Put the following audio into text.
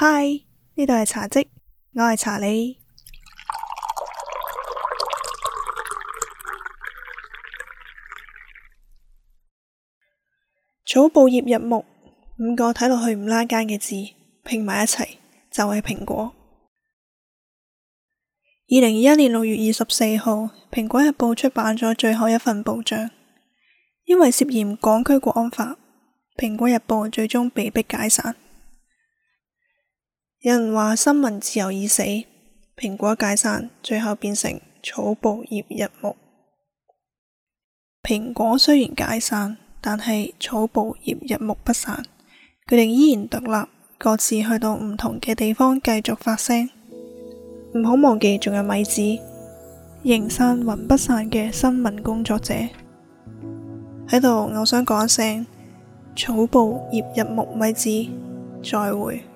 嗨，呢度係查職，我係查理。草步頁日木五個睇落去唔拉更嘅字拼埋一齊就係、是、蘋果。二零二一年六月二十四號，蘋果日報出版咗最後一份報章，因為涉嫌港區國安法，蘋果日報最終被迫解散。有人話新聞自由已死，蘋果解散，最後變成草步頁日木。蘋果雖然解散，但係草步頁日木不散，佢哋依然獨立，各自去到唔同嘅地方繼續發聲。唔好忘記仲有米子，形散魂不散嘅新聞工作者喺度。我想講一聲，草步頁日木，米子再會。